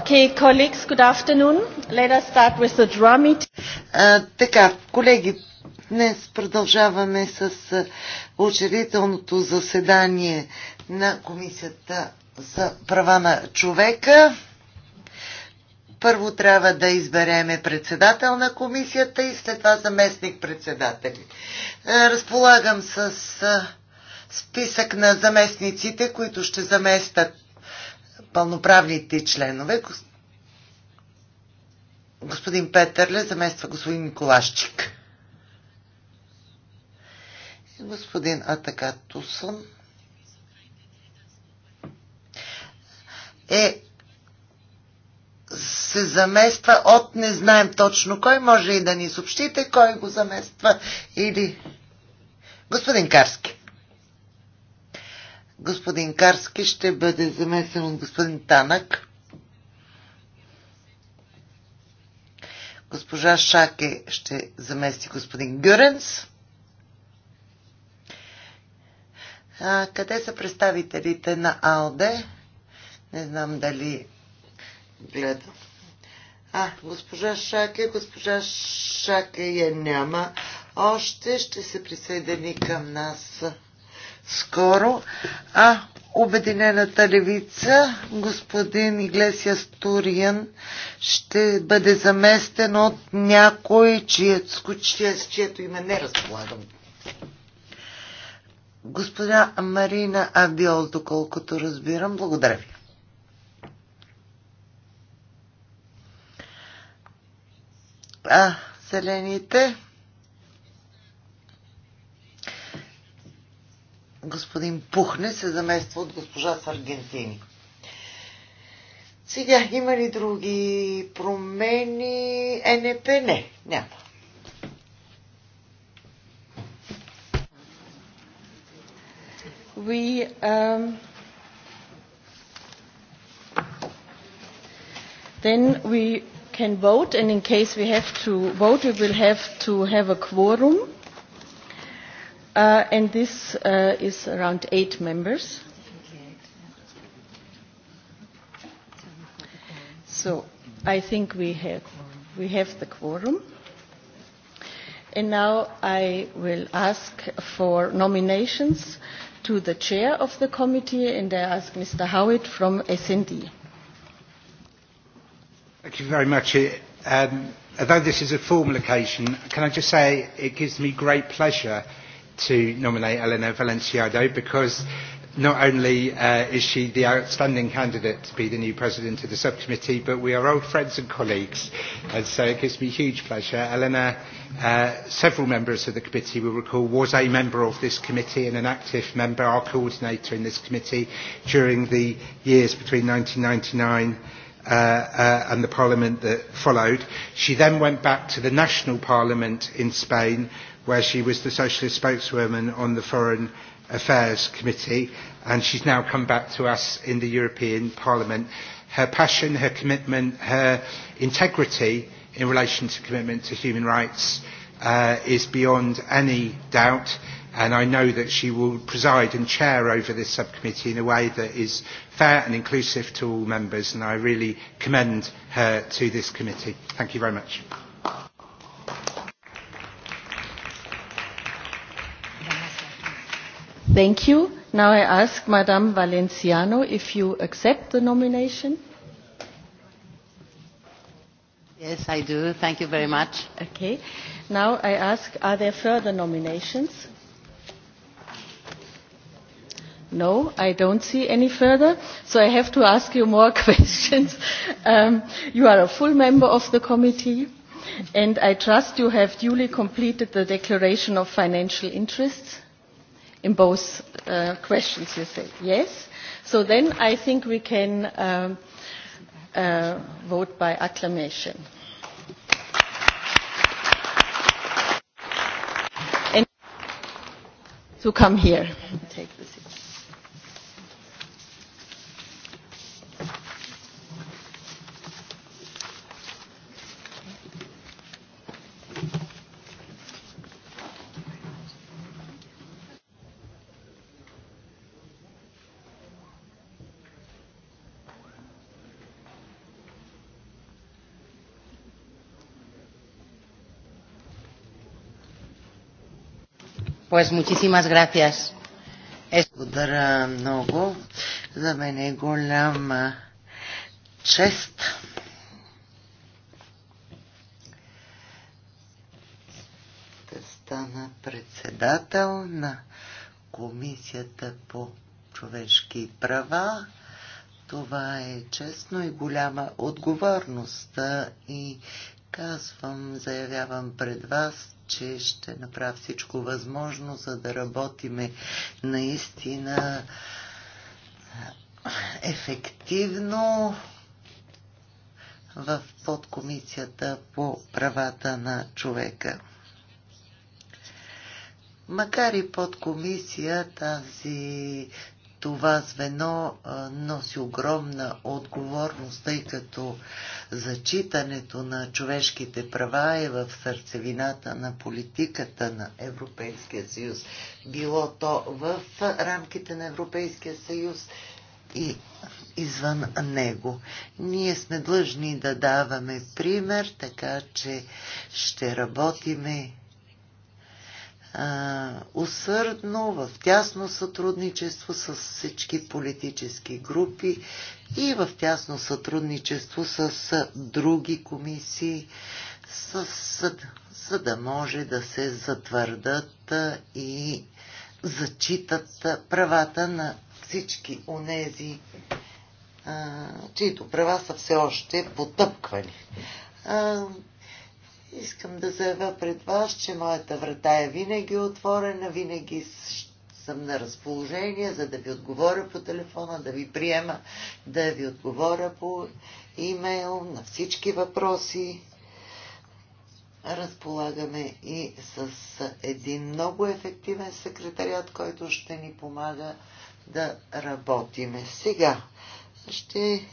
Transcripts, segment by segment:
Okay, colleagues, good afternoon. Let us start with the drum uh, така, колеги, днес продължаваме с учредителното заседание на Комисията за права на човека. Първо трябва да избереме председател на комисията и след това заместник председатели. Разполагам с списък на заместниците, които ще заместят пълноправните членове. Господин Петърле замества господин Николашчик. Господин Атака е се замества от не знаем точно кой. Може и да ни съобщите кой го замества или... Господин Карски господин Карски ще бъде замесен от господин Танък. Госпожа Шаке ще замести господин Гюренс. А, къде са представителите на АЛДЕ? Не знам дали гледам. А, госпожа Шаке, госпожа Шаке я няма. Още ще се присъедини към нас скоро, а Обединената левица, господин Иглесия Стуриан, ще бъде заместен от някой, чието, чието име не разполагам. Господа Марина Абиол, доколкото разбирам, благодаря ви. А, зелените. господин Пухне се замества от госпожа Саргентини. Сега има ли други промени? Е, НП не, няма. We, um, then we can vote and in case we have to vote we will have to have a quorum. Uh, and this uh, is around eight members. So I think we have, we have the quorum. And now I will ask for nominations to the chair of the committee, and I ask Mr. Howitt from SND. Thank you very much. Um, although this is a formal occasion, can I just say it gives me great pleasure to nominate Elena Valenciado because not only uh, is she the outstanding candidate to be the new president of the subcommittee, but we are old friends and colleagues. And so it gives me huge pleasure. Elena, uh, several members of the committee will recall, was a member of this committee and an active member, our coordinator in this committee, during the years between 1999 uh, uh, and the parliament that followed. She then went back to the national parliament in Spain where she was the Socialist spokeswoman on the Foreign Affairs Committee, and she's now come back to us in the European Parliament. Her passion, her commitment, her integrity in relation to commitment to human rights uh, is beyond any doubt, and I know that she will preside and chair over this subcommittee in a way that is fair and inclusive to all members, and I really commend her to this committee. Thank you very much. Thank you. Now I ask Madame Valenciano if you accept the nomination. Yes, I do. Thank you very much. Okay. Now I ask, are there further nominations? No, I don't see any further. So I have to ask you more questions. Um, you are a full member of the committee, and I trust you have duly completed the declaration of financial interests in both uh, questions you say yes. So then I think we can uh, uh, vote by acclamation. And to come here and take the seat. Pues muchísimas gracias. Благодаря много. За мен е голяма чест. Да стана председател на Комисията по човешки права. Това е честно и голяма отговорност и казвам, заявявам пред вас, че ще направя всичко възможно, за да работиме наистина ефективно в подкомисията по правата на човека. Макар и подкомисия, тази това звено носи огромна отговорност, тъй като зачитането на човешките права е в сърцевината на политиката на Европейския съюз. Било то в рамките на Европейския съюз и извън него. Ние сме длъжни да даваме пример, така че ще работиме усърдно, в тясно сътрудничество с всички политически групи и в тясно сътрудничество с други комисии, с, за, за да може да се затвърдат и зачитат правата на всички онези, чието права са все още потъпквани. Искам да заявя пред вас, че моята врата е винаги отворена, винаги съм на разположение, за да ви отговоря по телефона, да ви приема, да ви отговоря по имейл на всички въпроси. Разполагаме и с един много ефективен секретариат, който ще ни помага да работиме. Сега ще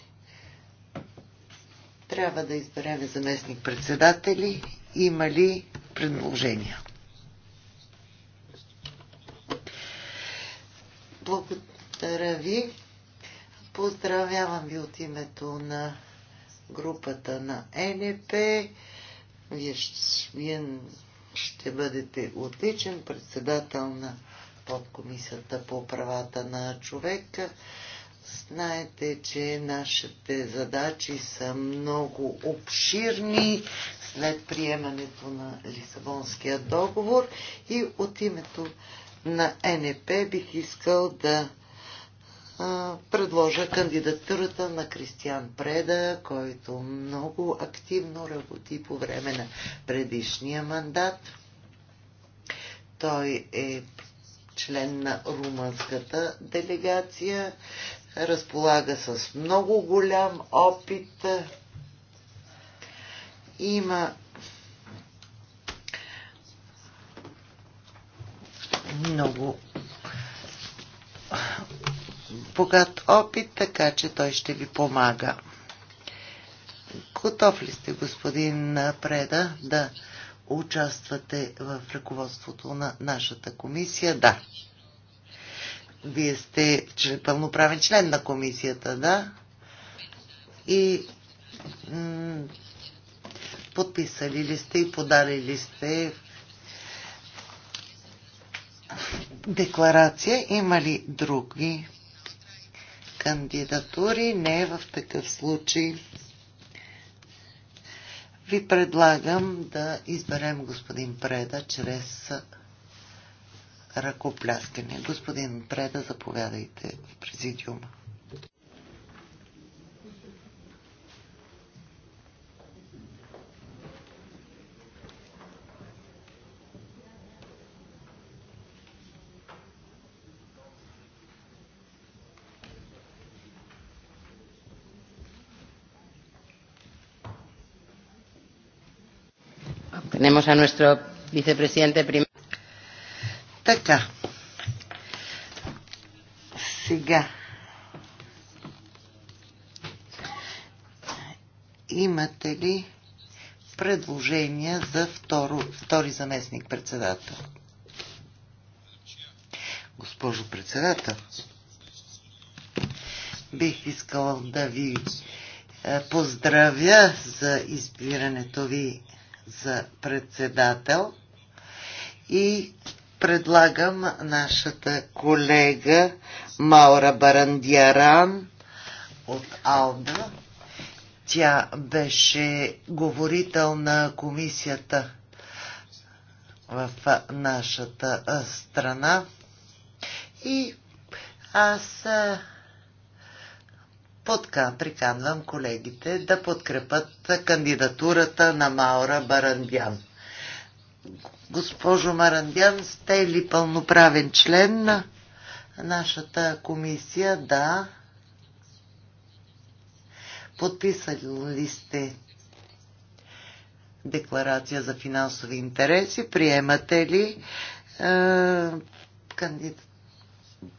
трябва да избереме заместник председатели. Има ли предложения? Благодаря ви. Поздравявам ви от името на групата на е НП. Вие, вие ще бъдете отличен председател на подкомисията по правата на човека. Знаете, че нашите задачи са много обширни след приемането на Лисабонския договор и от името на НП бих искал да предложа кандидатурата на Кристиан Преда, който много активно работи по време на предишния мандат. Той е член на румънската делегация разполага с много голям опит. Има много богат опит, така че той ще ви помага. Готов ли сте, господин Преда, да участвате в ръководството на нашата комисия? Да. Вие сте пълноправен член на комисията, да? И подписали ли сте и подали ли сте декларация? Има ли други кандидатури? Не в такъв случай. Ви предлагам да изберем господин Преда чрез ръкопляскане. Господин Преда, заповядайте в президиума. Tenemos a nuestro vicepresidente primero. Така. Сега. Имате ли предложения за второ, втори заместник председател? Госпожо председател, бих искала да ви е, поздравя за избирането ви за председател и предлагам нашата колега Маура Барандиаран от Алда. Тя беше говорител на комисията в нашата страна. И аз подка приканвам колегите да подкрепат кандидатурата на Маура Барандян Госпожо Марандян, сте ли пълноправен член на нашата комисия? Да. Подписали ли сте декларация за финансови интереси? Приемате ли е, кандидат?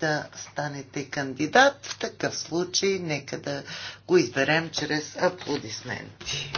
да станете кандидат. В такъв случай нека да го изберем чрез аплодисменти.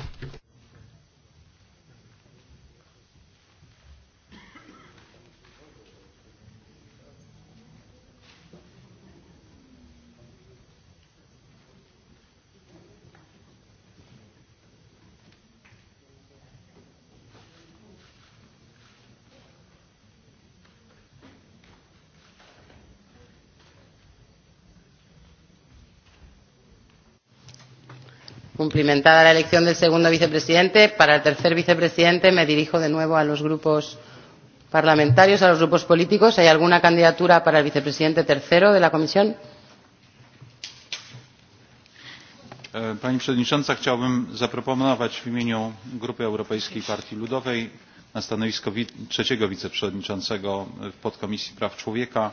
Cumplimentada la elección del segundo vicepresidente, para el tercer vicepresidente me dirijo de nuevo a los grupos parlamentarios, a los grupos políticos. ¿Hay alguna candidatura para el vicepresidente tercero de la comisión? Pani Przewodnicząca, chciałbym zaproponować w imieniu Grupy Europejskiej Partii Ludowej na stanowisko trzeciego wiceprzewodniczącego w podkomisji praw człowieka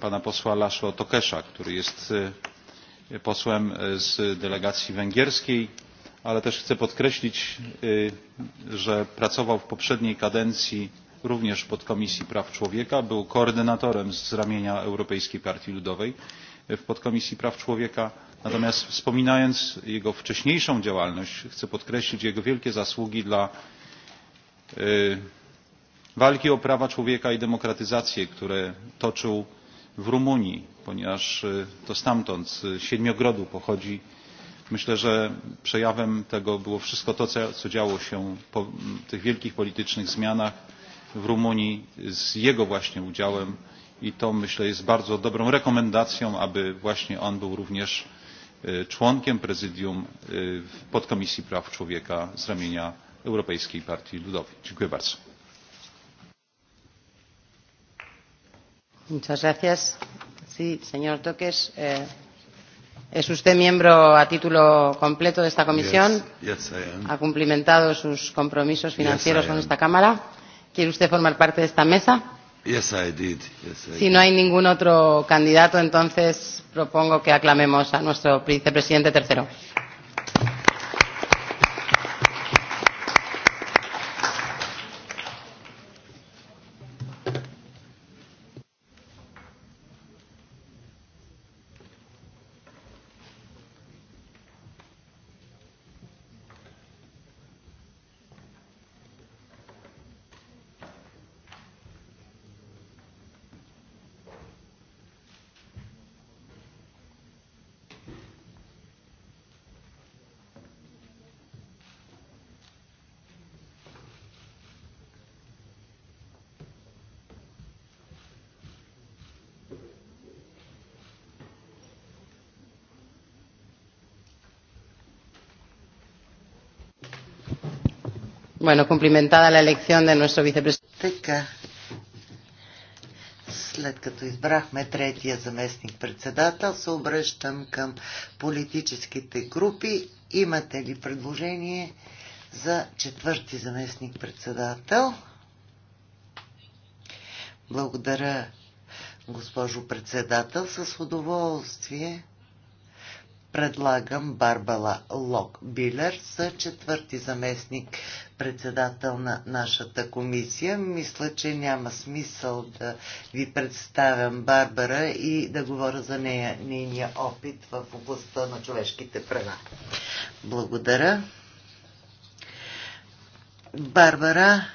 pana posła Laszlo Tokesza, który jest posłem z delegacji węgierskiej ale też chcę podkreślić że pracował w poprzedniej kadencji również w podkomisji praw człowieka był koordynatorem z ramienia europejskiej partii ludowej w podkomisji praw człowieka natomiast wspominając jego wcześniejszą działalność chcę podkreślić jego wielkie zasługi dla walki o prawa człowieka i demokratyzację które toczył w Rumunii, ponieważ to stamtąd, z Siedmiogrodu pochodzi. Myślę, że przejawem tego było wszystko to, co działo się po tych wielkich politycznych zmianach w Rumunii z jego właśnie udziałem i to myślę jest bardzo dobrą rekomendacją, aby właśnie on był również członkiem prezydium podkomisji praw człowieka z ramienia Europejskiej Partii Ludowej. Dziękuję bardzo. Muchas gracias. Sí, señor Toques, eh, ¿es usted miembro a título completo de esta comisión? Yes, yes, I am. ¿Ha cumplimentado sus compromisos financieros yes, con esta Cámara? ¿Quiere usted formar parte de esta mesa? Yes, I did. Yes, I si no hay ningún otro candidato, entonces propongo que aclamemos a nuestro vicepresidente tercero. Bueno, cumplimentada la elección de nuestro vicepresidente. След като избрахме третия заместник председател, се обръщам към политическите групи. Имате ли предложение за четвърти заместник председател? Благодаря, госпожо председател. С удоволствие предлагам Барбала Лок Билер за четвърти заместник председател на нашата комисия. Мисля, че няма смисъл да ви представям Барбара и да говоря за нея, нейния опит в областта на човешките права. Благодаря. Барбара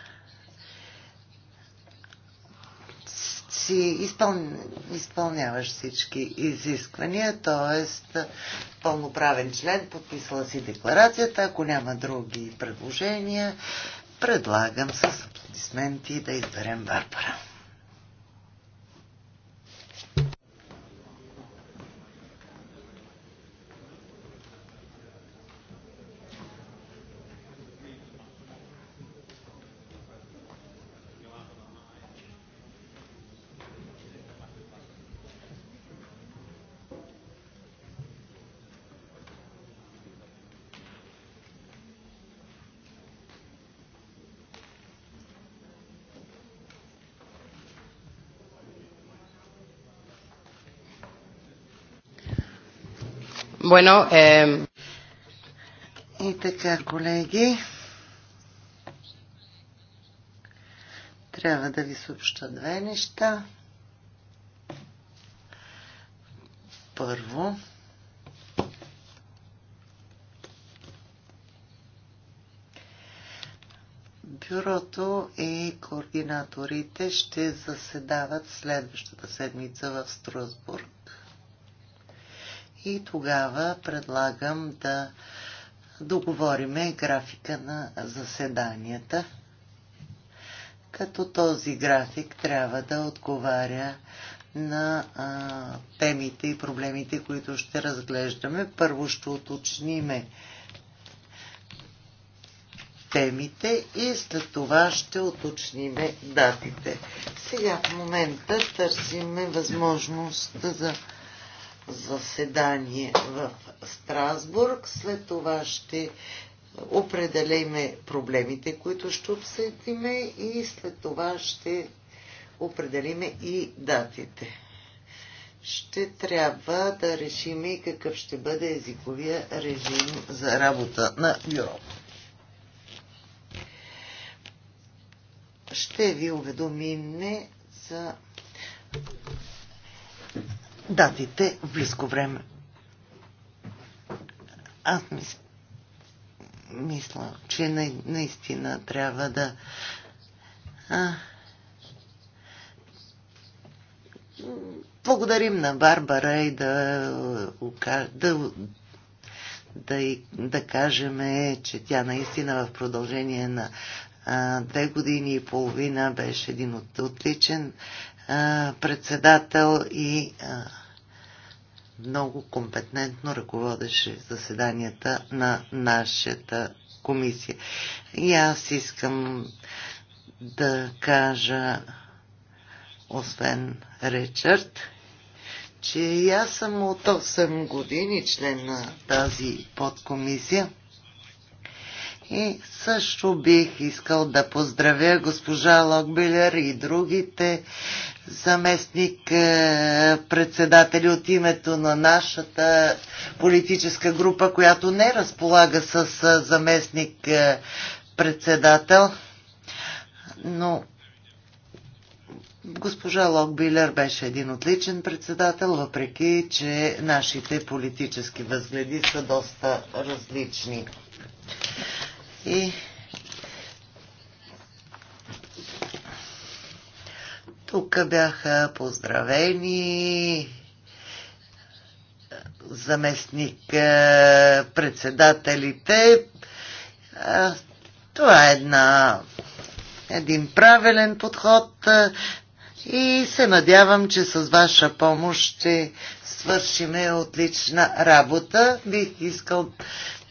си изпъл... изпълняваш всички изисквания, т.е. пълноправен член, подписала си декларацията, ако няма други предложения, предлагам с аплодисменти да изберем Барбара. Bueno, eh... И така, колеги, трябва да ви съобща две неща. Първо, бюрото и координаторите ще заседават следващата седмица в Страсбург и тогава предлагам да договориме графика на заседанията, като този график трябва да отговаря на а, темите и проблемите, които ще разглеждаме. Първо ще уточниме темите и след това ще уточниме датите. Сега в момента търсиме възможност за заседание в Страсбург. След това ще определиме проблемите, които ще обсъдиме и след това ще определиме и датите. Ще трябва да решим и какъв ще бъде езиковия режим за работа на бюрото. Ще ви уведомим за датите в близко време. Аз мисля, мисля че на, наистина трябва да а, благодарим на Барбара и да, да, да, и, да кажем, че тя наистина в продължение на а, две години и половина беше един от, отличен председател и много компетентно ръководеше заседанията на нашата комисия. И аз искам да кажа, освен Ричард, че и аз съм от 8 години член на тази подкомисия. И също бих искал да поздравя госпожа Локбилер и другите заместник е, председатели от името на нашата политическа група, която не разполага с е, заместник е, председател, но Госпожа Локбилер беше един отличен председател, въпреки че нашите политически възгледи са доста различни. И тук бяха поздравени заместник е, председателите. Е, това е една, един правилен подход е, и се надявам, че с ваша помощ ще свършиме отлична работа. Бих искал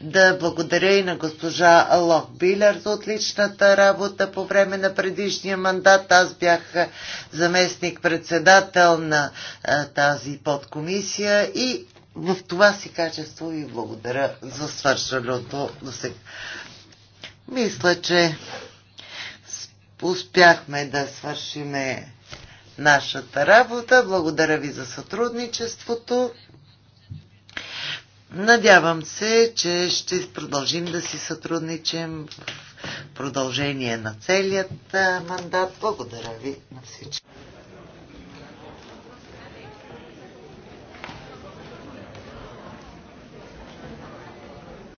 да благодаря и на госпожа Лох Билер за отличната работа по време на предишния мандат. Аз бях заместник-председател на тази подкомисия и в това си качество ви благодаря за свършеното до сега. Мисля, че успяхме да свършиме нашата работа. Благодаря ви за сътрудничеството. Надявам се, че ще продължим да си сътрудничим в продължение на целият мандат. Благодаря ви на всички.